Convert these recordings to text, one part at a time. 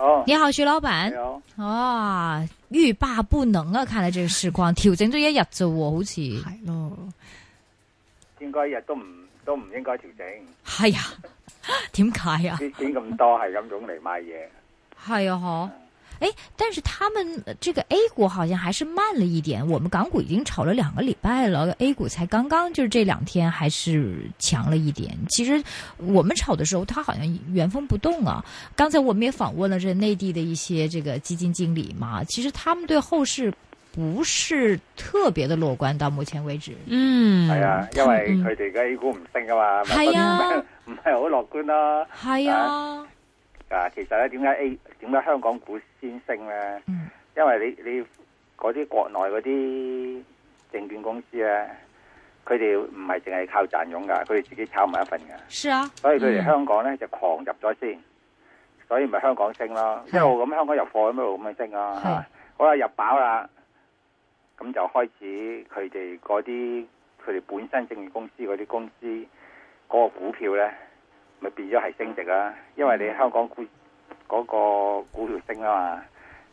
哦、你好，徐老闆。啊、哦，欲罷、哦、不能啊！睇嚟這個市況調整咗一,一日啫，好似係咯。應該一日都唔都唔應該調整。係啊？點解啊？啲錢咁多，係咁湧嚟買嘢。係啊，嗬。哎，但是他們這個 A 股好像還是慢了一點。我們港股已經炒了兩個禮拜了，A 股才剛剛就是這兩天還是強了一點。其實我們炒的時候，他好像原封不動啊。剛才我們也訪問了這內地的一些這個基金經理嘛，其實他們對後市不是特別的樂觀。到目前為止，嗯，係啊，因為佢哋而家 A 股唔升㗎嘛，係啊，唔係好樂觀咯，係啊。啊啊，其實咧，點解 A 點解香港股先升咧？嗯，因為你你嗰啲國內嗰啲證券公司咧，佢哋唔係淨係靠賺佣噶，佢哋自己炒埋一份噶。係啊，所以佢哋香港咧、嗯、就狂入咗先，所以咪香港升咯。一路咁香港入貨一路咁樣升咯、啊。係是，好啦，入飽啦，咁就開始佢哋啲佢哋本身證券公司嗰啲公司嗰、嗰個股票咧。咪變咗係升值啦，因為你香港股嗰個股票升啊嘛，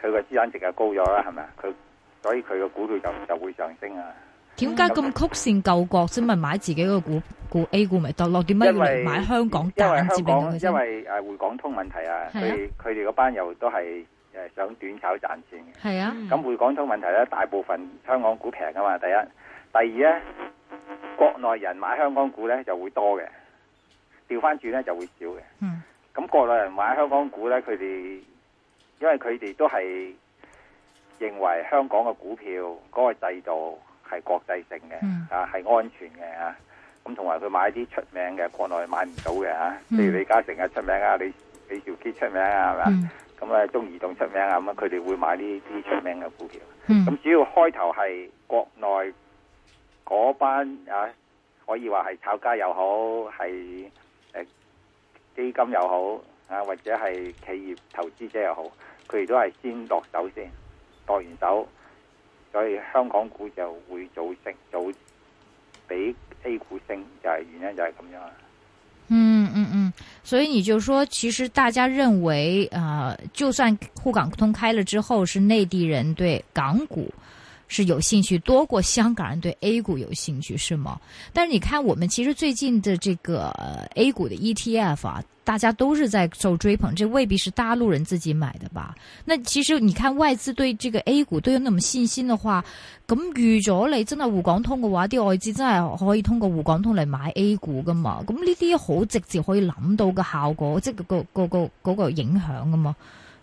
佢個資產值又高咗啦，係咪？佢所以佢個股票就會上升啊。點解咁曲線救國先，咪買自己個股股 A 股咪得咯。點解要嚟買香港單隻俾佢啫？因為因為誒滬港通問題啊，佢佢哋嗰班又都係誒想短炒賺錢嘅。係啊。咁滬港通問題咧，大部分香港股平啊嘛。第一，第二咧，國內人買香港股咧就會多嘅。調翻轉咧就會少嘅。嗯。咁國內人買香港股咧，佢哋因為佢哋都係認為香港嘅股票嗰、嗰個制度係國際性嘅、嗯啊，啊係安全嘅啊。咁同埋佢買啲出名嘅，國內買唔到嘅啊，譬如李嘉誠啊出名啊，李李兆基出名啊，係咪咁啊，中移動出名啊，咁佢哋會買呢啲出名嘅股票。咁、嗯、主要開頭係國內嗰班啊，可以話係炒家又好係。是基金又好啊，或者係企業投資者又好，佢哋都係先落手先，落完手，所以香港股就會早成早比 A 股升，就係、是，原因就係咁樣。嗯嗯嗯，所以你就說，其實大家認為啊、呃，就算滬港通開了之後，是內地人對港股。是有興趣多過香港人對 A 股有興趣是嗎？但是你看，我們其實最近的這個 A 股的 ETF 啊，大家都是在受追捧，這未必是大陸人自己買的吧？那其實你看外資對這個 A 股都有那麼信心的話，咁預咗你真係滬港通嘅話，啲外資真係可以通過滬港通嚟買 A 股噶嘛？咁呢啲好直接可以諗到嘅效果，即、這、係個、個、個嗰、個個影響噶嘛？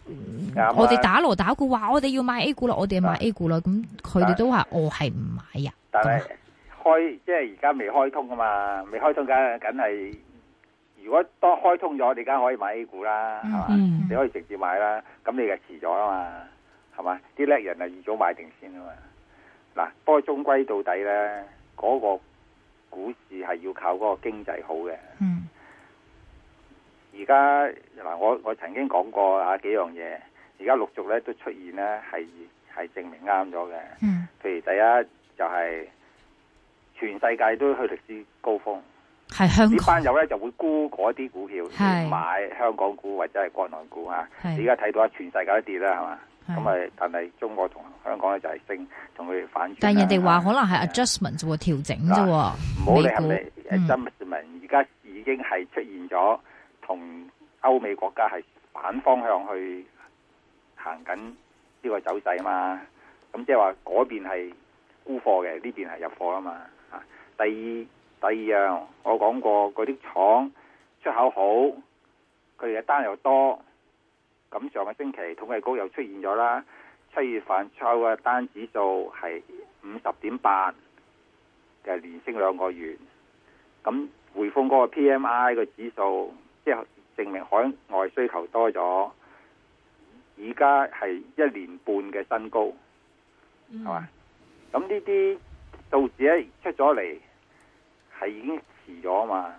嗯、吧我哋打鑼打鼓話我哋要買 A 股啦，我哋買 A 股啦，咁佢哋都話我係唔買呀。但係是樣開即係而家未開通噶嘛，未開通梗係梗係。如果當開通咗，我哋而家可以買 A 股啦，係嘛、嗯哼啊？你可以直接買啦。咁你就遲咗啊嘛，係嘛？啲叻人啊預早買定先啊嘛。嗱、啊，不過終歸到底咧，嗰、那個股市係要靠嗰個經濟好嘅。嗯。而家嗱，我我曾經講過啊幾樣嘢，而家陸續咧都出現咧，係係證明啱咗嘅。嗯。譬如第一就係、是、全世界都去歷史高峰，係香港。啲班友咧就會沽嗰啲股票，是買香港股或者係國內股啊。係是。你而家睇到啊，全世界都跌啦，係嘛？咁啊是，但係中國同香港咧就係升，同佢哋反轉。但係人哋話可能係 adjustment 啫是，調整啫。啦美股、唔好理係咪 adjustment，而家、嗯、已經係出現咗。同歐美國家係反方向去行緊呢個走勢嘛？咁即係話嗰邊係沽貨嘅，呢邊係入貨啊嘛！啊，第二第二樣我講過，嗰啲廠出口好，佢哋嘅單又多，咁上個星期統計局又出現咗啦。七月份出口嘅單指數係五十點八，嘅連升兩個月。咁匯豐嗰個 P M I 嘅指數。證明海外需求多咗，而家係一年半嘅新高，係嘛、嗯？咁呢啲數字咧出咗嚟，係已經遲咗嘛？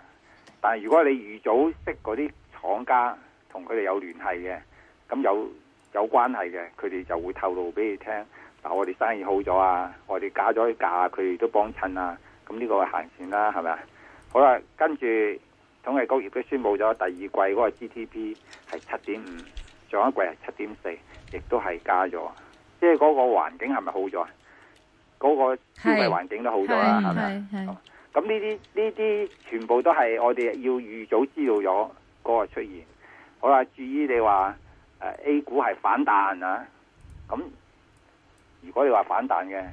但係如果你預早識嗰啲廠家，同佢哋有聯繫嘅，咁有有關係嘅，佢哋就會透露俾你聽。嗱，我哋生意好咗啊，我哋加咗啲價，佢哋都幫襯啊。咁呢個係行先啦，係咪啊？好啦，跟住。統計局亦都宣布咗第二季嗰個 GDP 係七點五，上一季係七點四，亦都係加咗。即係嗰個環境係咪好咗？嗰是個消費環境都好咗啦，係咪是？咁呢啲呢啲全部都係我哋要預早知道咗嗰個出現。好啦，注意你話誒 A 股係反彈啊，咁如果你話反彈嘅，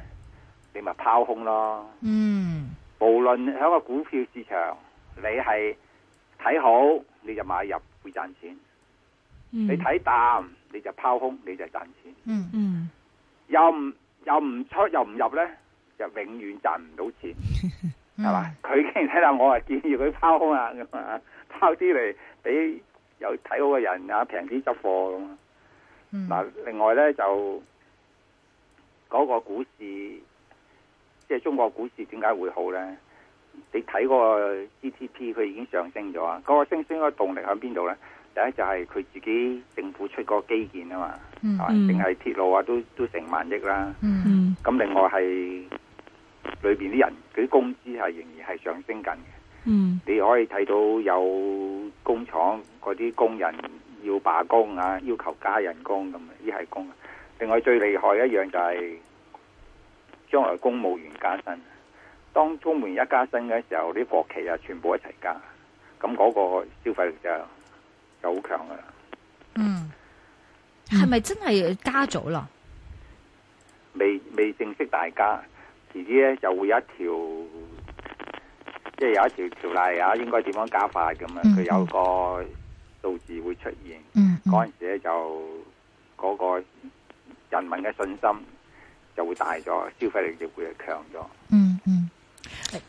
你咪拋空咯。嗯，無論喺個股票市場，你係。睇好你就買入會賺錢，嗯、你睇淡你就拋空你就賺錢。嗯嗯，嗯又唔又唔出又唔入咧，就永遠賺唔到錢，係、嗯、嘛？佢竟然睇淡，我啊建議佢拋空啊，咁啊拋啲嚟俾有睇好嘅人啊平啲執貨咁。嗱、嗯，另外咧就嗰、那個股市，即、就、係、是、中國股市點解會好咧？你睇個 GDP 佢已經上升咗啊！嗰、那個升升個動力喺邊度咧？第一就係佢自己政府出個基建啊嘛，mm hmm. 啊，定係鐵路啊都都成萬億啦。咁、mm hmm. 另外係裏邊啲人佢啲工資係仍然係上升緊嘅。Mm hmm. 你可以睇到有工廠嗰啲工人要罷工啊，要求加人工咁呢係工。另外最厲害一樣就係、是、將來公務員加薪。當中門一加薪嘅時候，啲國旗啊，全部一齊加，咁嗰個消費力就就好強啦。嗯，係咪、嗯、真係加咗咯？未未正式大家遲啲咧就會有一條，即、就、係、是、有一條條例啊，應該點樣加法咁啊？佢、嗯嗯、有個數字會出現，嗰陣、嗯嗯、時咧就嗰個人民嘅信心就會大咗，消費力就會強咗。嗯。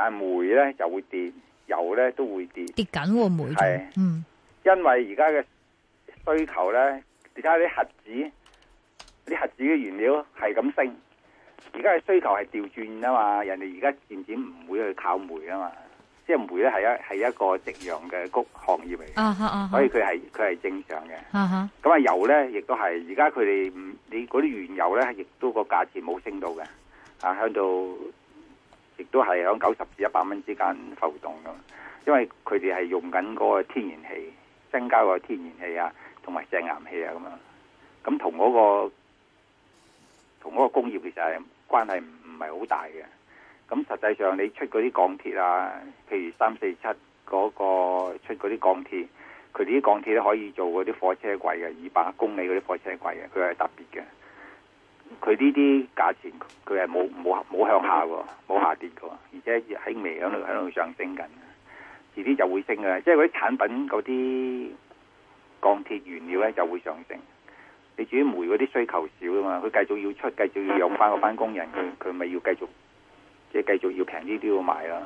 但煤咧，就會跌，油咧都會跌，跌緊喎、啊、煤，是嗯，因為而家嘅需求咧，而家啲核子，啲核子嘅原料係咁升，而家嘅需求係調轉啊嘛，人哋而家漸漸唔會去靠煤啊嘛，即係煤咧係一係一個夕陽嘅谷行業嚟，啊、uh huh, uh huh. 所以佢係佢係正常嘅，咁啊、uh huh. 油咧亦都係而家佢哋唔你嗰啲原油咧亦都個價錢冇升到嘅，啊響度。亦都係響九十至一百蚊之間浮動嘅，因為佢哋係用緊嗰個天然氣，增加個天然氣啊，同埋石岩氣啊咁啊，咁同嗰個同嗰個工業其實係關係唔唔係好大嘅。咁實際上你出嗰啲鋼鐵啊，譬如三四七嗰個出嗰啲鋼鐵，佢啲鋼鐵咧可以做嗰啲火車軌嘅，二百公里嗰啲火車軌嘅，佢係特別嘅。佢呢啲價錢佢係冇冇冇向下喎，冇下跌嘅，而且喺微響度響度上升緊，遲啲就會升嘅。即係嗰啲產品嗰啲鋼鐵原料咧就會上升。你至於煤嗰啲需求少啊嘛，佢繼續要出，繼續要養翻嗰班工人，佢佢咪要繼續即係繼續要平啲都要買啦。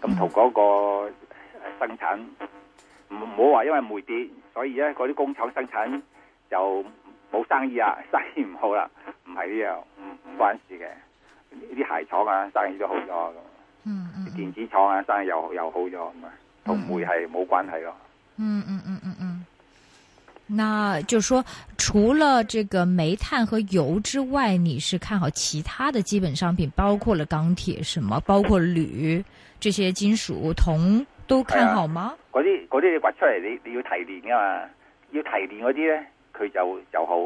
咁同嗰個生產唔好話，唔唔好話因為煤跌，所以咧嗰啲工廠生產就。冇生意啊，生意唔好啦，唔係呢樣，唔、嗯、唔關事嘅。呢啲鞋廠啊，生意都好咗咁、嗯。嗯，電子廠啊，生意又又好咗咁啊，同煤係冇關係咯。嗯嗯嗯嗯嗯。那就說，除了這個煤炭和油之外，你是看好其他的基本商品，包括了鋼鐵、什麼，包括鋁這些金屬、銅，都看好嗎？嗰啲嗰啲你掘出嚟，你你要提煉噶嘛？要提煉嗰啲咧。佢就就好，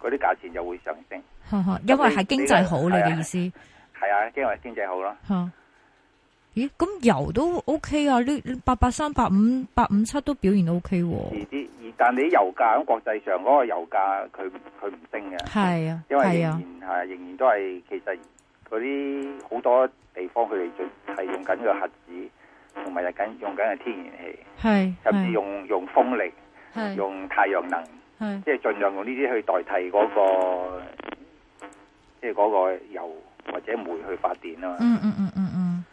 嗰啲價錢就會上升。哈哈，因為係經濟好你嘅意思。係啊，因為經濟好咯。吓？咦，咁油都 OK 啊？你八八三、八五、八五七都表現得 OK。啲而但係你啲油價喺國際上嗰個油價，佢佢唔升嘅。係啊，因為仍然係仍然都係，其實嗰啲好多地方佢哋就係用緊個核子，同埋用緊用緊嘅天然氣，甚至用用風力，用太陽能。即係盡量用呢啲去代替嗰個，即係嗰個油或者煤去發電啊嘛、嗯。嗯嗯嗯嗯嗯。嗯，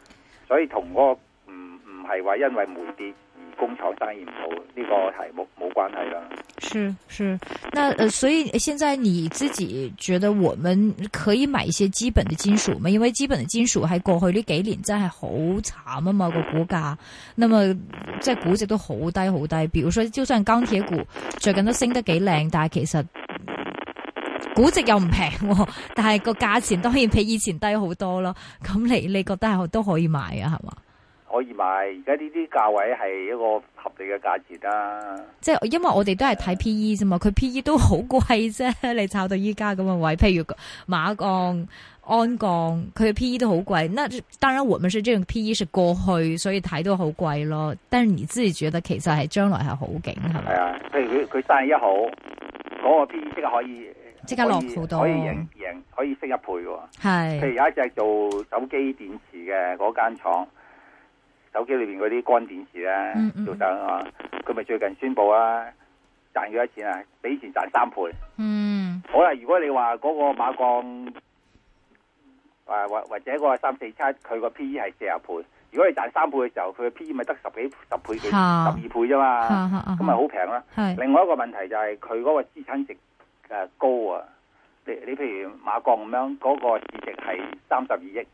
所以同嗰個唔唔係話因為煤跌。工廠生意唔好，呢、這個係冇冇關係啦。是是，那呃所以現在你自己覺得我們可以買一些基本的金屬嗎？因為基本的金屬喺過去呢幾年真係好慘啊嘛、那個股價，那麼即係、就是、估值都好低好低。比如說就算鋼鐵股最近都升得幾靚，但係其實估值又唔平、哦，但係個價錢當然比以前低好多咯。咁你你覺得係都可以買啊？係嘛？可以買而家呢啲價位係一個合理嘅價錢啦、啊。即係因為我哋都係睇 P E 啫嘛，佢 P E 都好貴啫，你炒到依家咁嘅位。譬如馬鋼、鞍鋼，佢嘅 P E 都好貴。那當然，我物稅呢種 P E 係過去，所以睇到好貴咯。但係你自己住得其實係將來係好勁，係咪啊？譬如佢佢三十一號嗰、嗰個 P E 即刻可以，即刻落好多可，可以贏贏，可以升一倍喎。係。是的 譬如有一隻做手機電池嘅嗰間廠。手機裏邊嗰啲乾電池咧，做得啊，佢、嗯、咪最近宣布啊，賺咗錢啊，比以前賺三倍。嗯，好啦，如果你話嗰個馬鋼，誒、啊，或或者嗰個三四七，佢個 P E 係四十倍，如果你賺三倍嘅時候，佢 P E 咪得十幾十倍幾十二、啊、倍啫嘛，咁咪好平啦。啊啊、是另外一個問題就係佢嗰個資產值誒高啊，你你譬如馬鋼咁樣，嗰、嗰個市值係三十二億。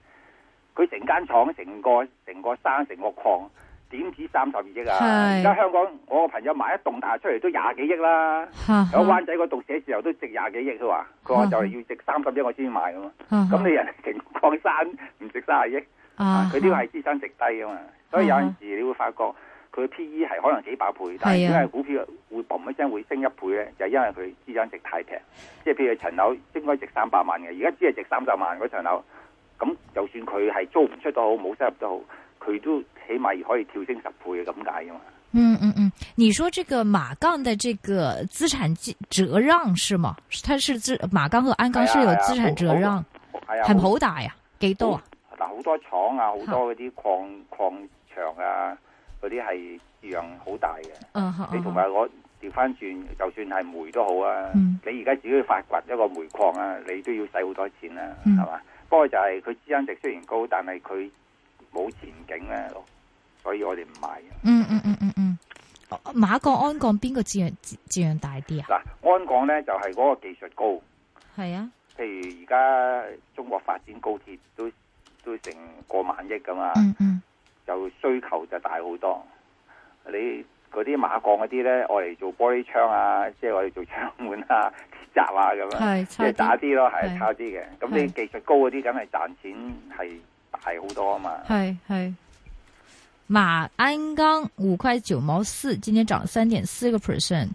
佢成間廠、成個成個山、成個礦，點止三十二億啊！而家是香港我個朋友買一棟大出嚟都廿幾億啦。啊、有灣仔嗰棟寫字樓都值廿幾億，佢話佢話就係要值三十億我先買噶嘛。咁、啊啊、你人成個礦山唔值三十億，佢呢、啊啊、個係資產值低啊嘛。啊、所以有陣時候你會發覺佢 P E 係可能幾百倍，啊、但係點解股票會嘣一聲會升一倍咧？啊、就因為佢資產值太平。即係譬如層樓應該值三百萬嘅，而家只係值三十萬嗰層樓。咁就算佢係租唔出都好，冇收入都好，佢都起碼可以跳升十倍嘅咁解嘅嘛？嗯嗯嗯，你說這個馬鋼的這個資產折讓是嗎？它是資馬鋼和鞍鋼是有資產折讓，很龐大呀，幾、哎哎、多？好多廠啊，多好多嗰啲礦礦場啊，嗰啲係量好大嘅。你同埋我調翻轉，就算係煤都好啊。嗯、你而家自己發掘一個煤礦啊，你都要使好多錢啦、啊，係嘛、嗯？該就係佢資產值雖然高，但係佢冇前景咧，所以我哋唔買嗯。嗯嗯嗯嗯嗯，馬鋼鞍鋼邊個資源大啲啊？嗱，鞍鋼咧就係、是、嗰個技術高。係啊，譬如而家中國發展高鐵都都成過萬億噶嘛，嗯嗯，嗯就需求就大好多。你。嗰啲馬鋼嗰啲咧，我哋做玻璃窗啊，即係我哋做窗門啊、鐵閘啊咁，即係打啲咯，係是差啲嘅。咁是你技術高嗰啲，梗係賺錢係大好多啊嘛。係係，馬鞍鋼五塊九毛四，今天漲三點四個 percent，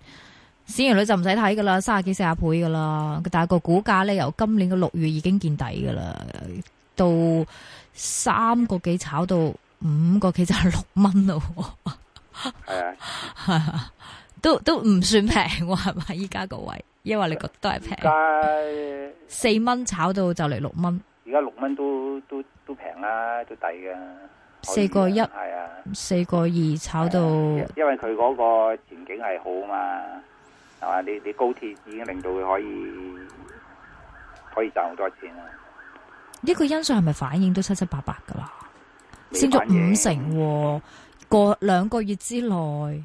市盈率就唔使睇噶啦，卅幾四十倍噶啦。但係個股價咧，由今年嘅六月已經見底噶啦，到三個幾炒到五個幾就係六蚊咯。 係啊， 都都唔算平，我係咪依家個位？因為你覺得都係平，四蚊在 炒到就嚟六蚊，而家六蚊都都都平啦，都抵嘅。四個一係啊，四個二炒到，啊、因為佢嗰個前景係好嘛，係嘛？你你高鐵已經令到佢可以可以賺好多錢啦。呢個因素係咪反映都七七八八噶啦？反升咗五成，啊。過兩個月之內，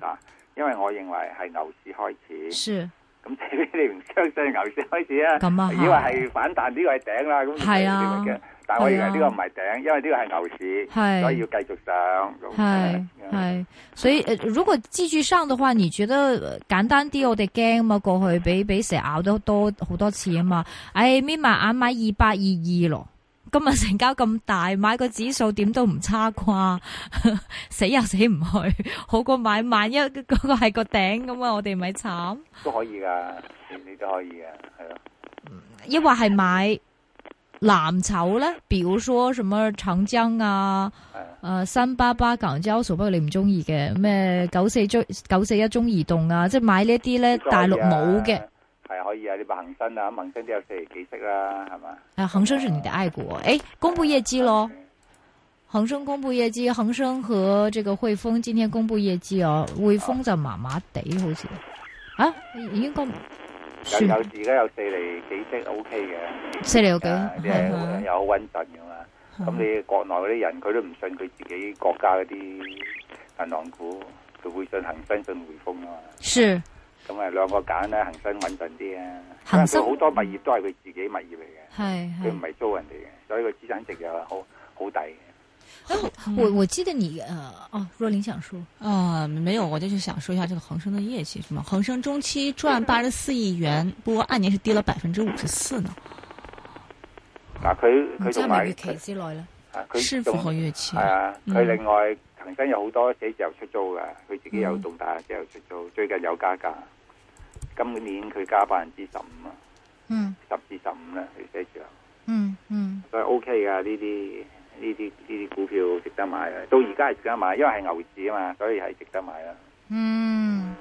嗱，因為我認為係牛市開始，咁除非你唔相信牛市開始啊，以為係反彈呢個係頂啦，咁係啊，但係我認為呢個唔係頂，因為呢個係牛市，所以要繼續上。係係，所以如果繼續上嘅話，你覺得簡單啲？我哋驚嘛？過去俾俾蛇咬得多好多次啊嘛，哎，咪碼啱買二八二二咯？今日成交咁大，買個指數點都唔差啩， 死又死唔去，好過買萬一嗰個係個頂咁啊，我哋咪慘。都可以噶，你都可以嘅，係咯。抑或係買藍籌咧，比如說什麼長江啊，誒的，三八八，呃，八八，搞唔知乜嘢，不過你唔中意嘅咩，九四中九四一中移動啊，即係買呢啲咧，啊、大陸冇嘅。係可以啊，呢個恒生啊，恒生都有四厘幾息啦，係嘛？啊，恒生是你的愛國，誒、欸，公布業績咯。恒的生公布業績，恒生和這個匯豐今天公布業績哦、啊。匯豐就麻麻地，哦、好似啊，已經公布有字嘅有四厘幾息，OK 嘅四厘有幾？係好又穩陣噶嘛。咁的你國內嗰啲人，佢都唔信佢自己國家嗰啲銀行股，佢會信恒生信匯豐啊嘛。是。咁啊，兩個揀啦，恒生穩陣啲啊。恒生好多物業都係佢自己物業嚟嘅，佢唔係租人哋嘅，所以佢資產值又係好好大嘅。我我記得你，呃，哦，若琳想說，啊，沒有，我就係想說一下這個恒生嘅業績，是嘛？恒生中期賺八十四億元，不過按年是跌了百分之五十四呢。嗱、嗯，佢佢做埋期之內啦，是符合月期啊。佢另外恒生有好多寫字樓出租嘅，佢自己有動大寫字樓出租，嗯、最近有加價。今年佢加百分之十五啊，嗯，十至十五咧，佢繼續，嗯嗯，都係 OK 噶，呢啲呢啲呢啲股票值得買啊！到而家係值得買，因為係牛市啊嘛，所以係值得買啦。嗯，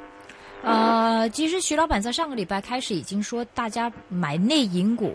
誒、呃，其實徐老闆在上個禮拜開始已經說，大家買內銀股。